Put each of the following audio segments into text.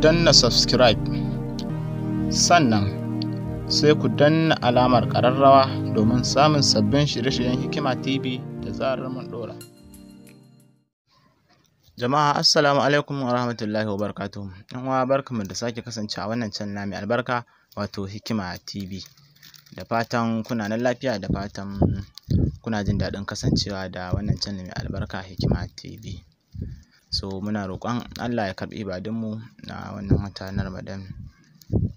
danna subscribe sannan sai ku danna alamar ƙararrawa domin samun sabbin shirye-shiryen hikima tv da zarar mun dora jama'a assalamu alaikum wa rahmatullahi wa barkatu yan uwa da sake kasancewa wannan can nami albarka wato hikima tv da fatan kuna nan lafiya da fatan kuna jin daɗin kasancewa da wannan na mai albarka hikima tv So muna roƙon Allah ya karɓi ibadunmu na wannan wata na Ramadan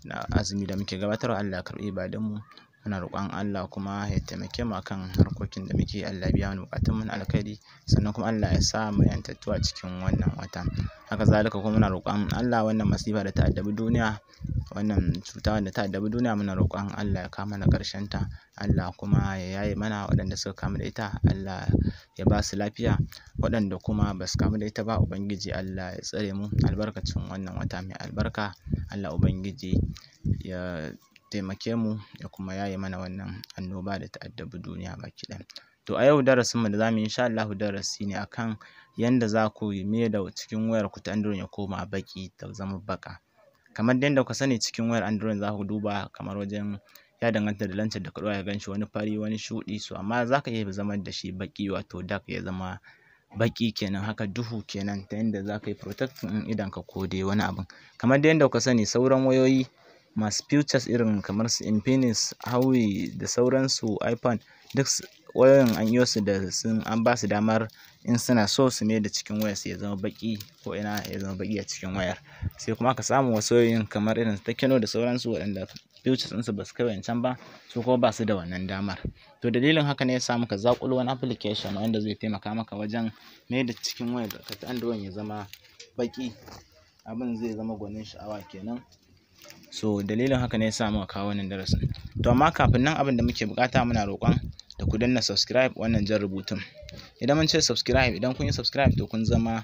na azumi da muke gabatarwa Allah ya karɓi ibadunmu. muna roƙon Allah kuma ya taimake mu kan harkokin da muke Allah biya mana buƙatun mu na alkhairi sannan kuma Allah ya sa mu yantattu a cikin wannan wata haka zalika kuma muna roƙon Allah wannan masifa da ta addabi duniya wannan cuta wanda ta addabi duniya muna roƙon Allah ya kama na ƙarshen ta Allah kuma ya yaye mana waɗanda suka kamu da ita Allah ya ba su lafiya waɗanda kuma ba su kamu da ita ba ubangiji Allah ya tsare mu albarkacin wannan wata mai albarka Allah ubangiji ya taimake mu ya kuma yaye mana wannan annoba da ta addabi duniya baki ɗaya. To a yau darasin mu da zamu yi insha Allahu darasi ne akan yanda za ku yi mai da cikin wayar ku ta Android ya koma baƙi ta zama baƙa. Kamar yanda kuka sani cikin wayar Android za ku duba kamar wajen ya danganta da lancar da ka ɗora ya ganshi wani fari wani shuɗi so amma za ka iya zama da shi baƙi wato dak ya zama baƙi kenan haka duhu kenan ta yanda za ka yi protecting ɗin idonka ko dai wani abun. Kamar dai yanda kuka sani sauran wayoyi masu futures irin kamar su Infinix, Huawei da sauransu iPhone duk wayoyin an yi su da sun an ba su damar in suna so su mai da cikin wayar su ya zama baki ko ina ya zama baki a cikin wayar sai kuma aka samu wasu wayoyin kamar irin su Tekno da sauransu waɗanda futures ɗinsu ba su kai wancan ba su kuma ba su da wannan damar to dalilin haka ne ya samu ka zaƙulo wani application wanda zai taimaka maka wajen mai da cikin wayar ka ta ya zama baki abin zai zama gwanin sha'awa kenan so dalilin haka ne yasa muka kawo wannan darasin to amma kafin nan abin da muke bukata muna roƙon da ku danna subscribe wannan jan rubutun idan mun ce subscribe idan kun yi subscribe to kun zama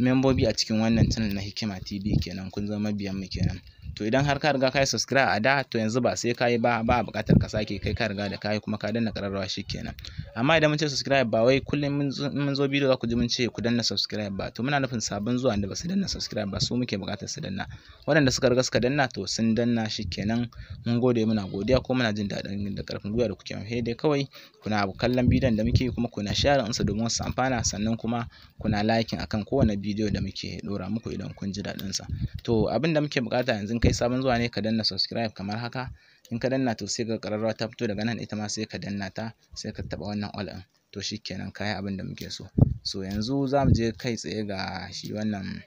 membobi a cikin wannan channel na Hikima TV kenan kun zama biyan mu kenan to idan har ka riga ka yi subscribe a da to yanzu ba sai ka yi ba ba a buƙatar ka sake kai ka riga da ka yi kuma ka danna ƙararrawa kenan amma idan mun ce subscribe ba wai kullum mun zo bidiyo za ku ji mun ce ku danna subscribe ba to muna nufin sabon zuwa da ba su danna subscribe ba su muke buƙatar su danna waɗanda suka riga suka danna to sun danna shi kenan mun gode muna godiya ko muna jin daɗin da ƙarfin gwiwa da kuke mafi dai kawai kuna kallon bidiyon da muke kuma kuna share ɗinsa domin wasu amfana sannan kuma kuna liking akan kowane bidiyo da muke ɗora muku idan kun ji daɗinsa to abin da muke buƙata yanzu in kai sabon zuwa ne ka danna subscribe kamar haka in ka danna to sai ga ƙararrawa ta fito daga nan ita ma sai ka danna ta sai ka taɓa wannan all in to shikenan kaya abin da muke so so yanzu za mu je kai tsaye ga shi wannan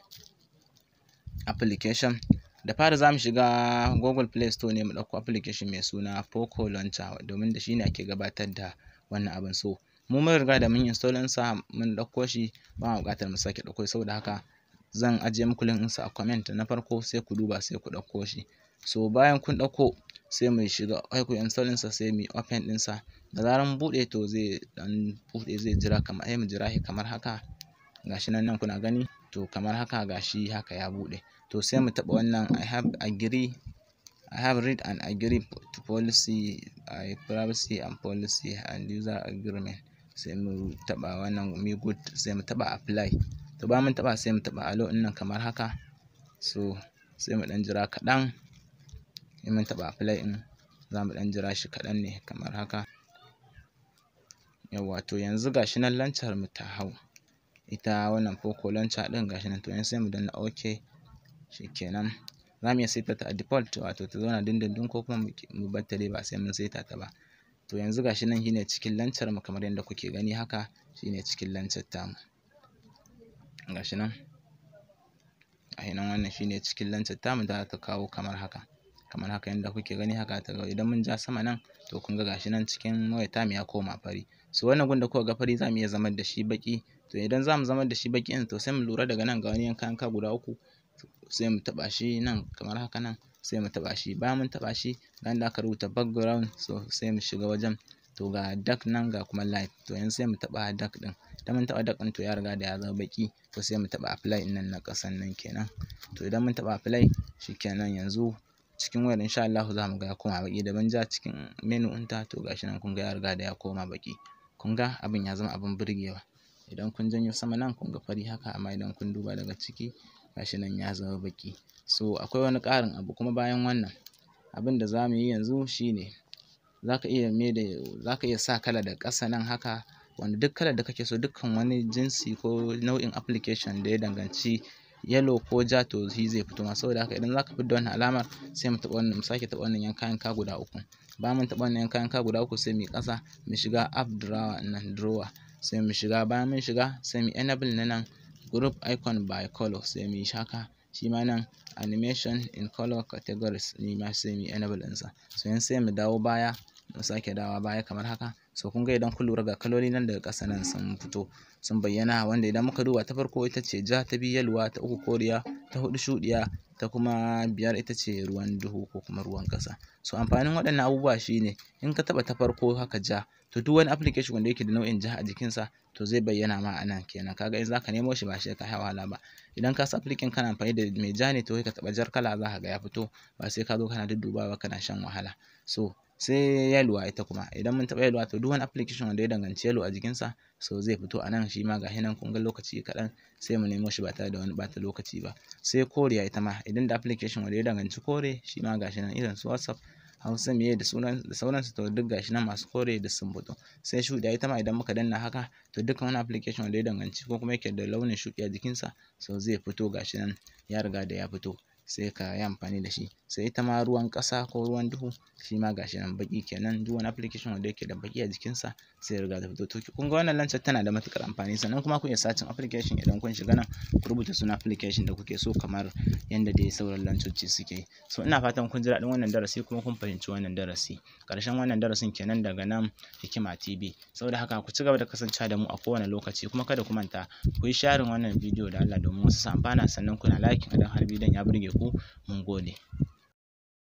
application da fara za mu shiga google play store ne mu ɗauko application mai suna poco launcher domin da shi ne ake gabatar da wannan abin so mu mun riga da mun install sa mun ɗauko shi ba mu buƙatar mu sake ɗauko saboda haka zan ajiye muku link ɗinsa a comment na farko sai ku duba sai ku ɗauko shi so bayan kun ɗauko sai mu shiga sai ku install sa sai mu open ɗinsa da zaran buɗe to zai dan buɗe zai jira kamar ai mu jira shi kamar haka gashi nan nan kuna gani to kamar haka gashi haka ya buɗe to sai mu taɓa wannan I have agree I have read and agree to policy I privacy and policy and user agreement sai mu taɓa wannan me good sai mu taɓa apply to ba mun taɓa sai mu taɓa alo ɗin nan kamar haka so sai mu ɗan jira kaɗan in mun taɓa apply ɗin za mu ɗan jira shi kaɗan ne kamar haka yawwa to yanzu ga shi nan lancar mu ta hau ita wannan poco lancer ɗin ga shi nan to yanzu sai mu danna ok shikenan za mu iya saita ta a default wato ta zauna dindindin ko kuma mu bar ta dai ba sai mun saita ta ba to yanzu gashi nan shine cikin lancar mu kamar yadda kuke gani haka shine cikin lancar tamu gashi nan nan wannan shine cikin lancar tamu da ta kawo kamar haka kamar haka yadda kuke gani haka ta ga idan mun ja sama nan to kun ga gashi nan cikin wayar tamu ya koma fari so wannan gun da kuka ga fari zamu iya zamar da shi baki to idan zamu zamar da shi baki ɗin to sai mu lura daga nan ga wani yanka yanka guda uku sai mu taɓa shi nan kamar haka nan sai mu taɓa shi bayan mun taɓa shi bayan da aka rubuta background so sai mu shiga wajen to ga duck nan ga kuma light to yanzu sai mu taɓa duck ɗin idan mun taɓa duck ɗin to ya riga da ya zama baƙi to sai mu taɓa apply nan na ƙasan nan kenan to idan mun taɓa apply shikenan yanzu cikin wayar insha Allah za mu ga ya koma baki da ja cikin menu ɗinta to gashi nan kun ga ya riga da ya koma baki kun ga abin ya zama abin burgewa idan kun janyo sama nan kun ga fari haka amma idan kun duba daga ciki gashi nan ya zama baki so akwai wani ƙarin abu kuma bayan wannan abin da za mu yi yanzu shine zaka iya me da zaka iya sa kala da ƙasa nan haka wanda duk kalar da kake so dukkan wani jinsi ko nau'in application da ya danganci yellow ko ja to shi zai fito ma saboda haka idan zaka fidda wannan alamar sai mu taɓa wannan mu sake taɓa wannan yanka yanka guda uku Ba mun taɓa wannan yanka yanka guda uku sai mu ƙasa mu shiga app drawer nan drawer sai mu shiga bayan mun shiga sai mu enable na nan group icon by color sai mu yi shaka shi ma nan animation in color categories ni ma sai mu enable ɗinsa so sai mu dawo baya mu sake dawa baya kamar haka so kun ga idan kun lura ga kaloli nan daga ƙasa nan sun fito sun bayyana wanda idan muka duba ta farko ita ce ja ta biyu yalwa ta uku koriya ta hudu shuɗiya ta kuma biyar ita ce ruwan duhu ko kuma ruwan ƙasa so amfanin waɗannan abubuwa shine in ka taɓa ta farko haka ja to duk wani application wanda yake da nau'in ja a jikinsa to zai bayyana ma a nan kenan kaga in zaka nemo shi ba shi ka wahala ba idan ka sa application kana amfani da mai ja ne to ka taɓa jar kala za ka ga ya fito ba sai ka zo kana duddubawa kana shan wahala so sai yalwa ita kuma idan mun taɓa yalwa to duk wani application wanda ya danganci yalwa a jikinsa so zai fito a nan shi ma ga hinan kun ga lokaci kaɗan sai mu nemo shi ba tare da wani ɓata lokaci ba sai kore ita ma idan da application wanda ya danganci kore shi ma ga shi nan irin su whatsapp hausa me da sunan da sauransu to duk gashi nan masu kore da sun fito sai shuɗi ita ma idan muka danna haka to dukkan wani application wanda ya danganci ko kuma yake da launin shuɗi a jikinsa so zai fito gashi nan ya riga da ya fito sai ka yi amfani da shi sai ita ma ruwan ƙasa ko ruwan duhu shi ma gashi nan baki kenan duk wani application wanda yake da baƙi a jikinsa sai ya riga ta fito to kun ga wannan lancar tana da matukar amfani sannan kuma ku iya sacin application idan kun shiga nan ku rubuta sunan application da kuke so kamar yanda dai sauran lancoci suke yi so ina fatan kun ji daɗin wannan darasi kuma kun fahimci wannan darasi ƙarshen wannan darasin kenan daga nan hikima tv saboda haka ku ci gaba da kasancewa da mu a kowane lokaci kuma kada ku manta ku yi sharin wannan bidiyo da Allah domin wasu su amfana sannan kuna like idan har bidiyon ya burge ku mun gode.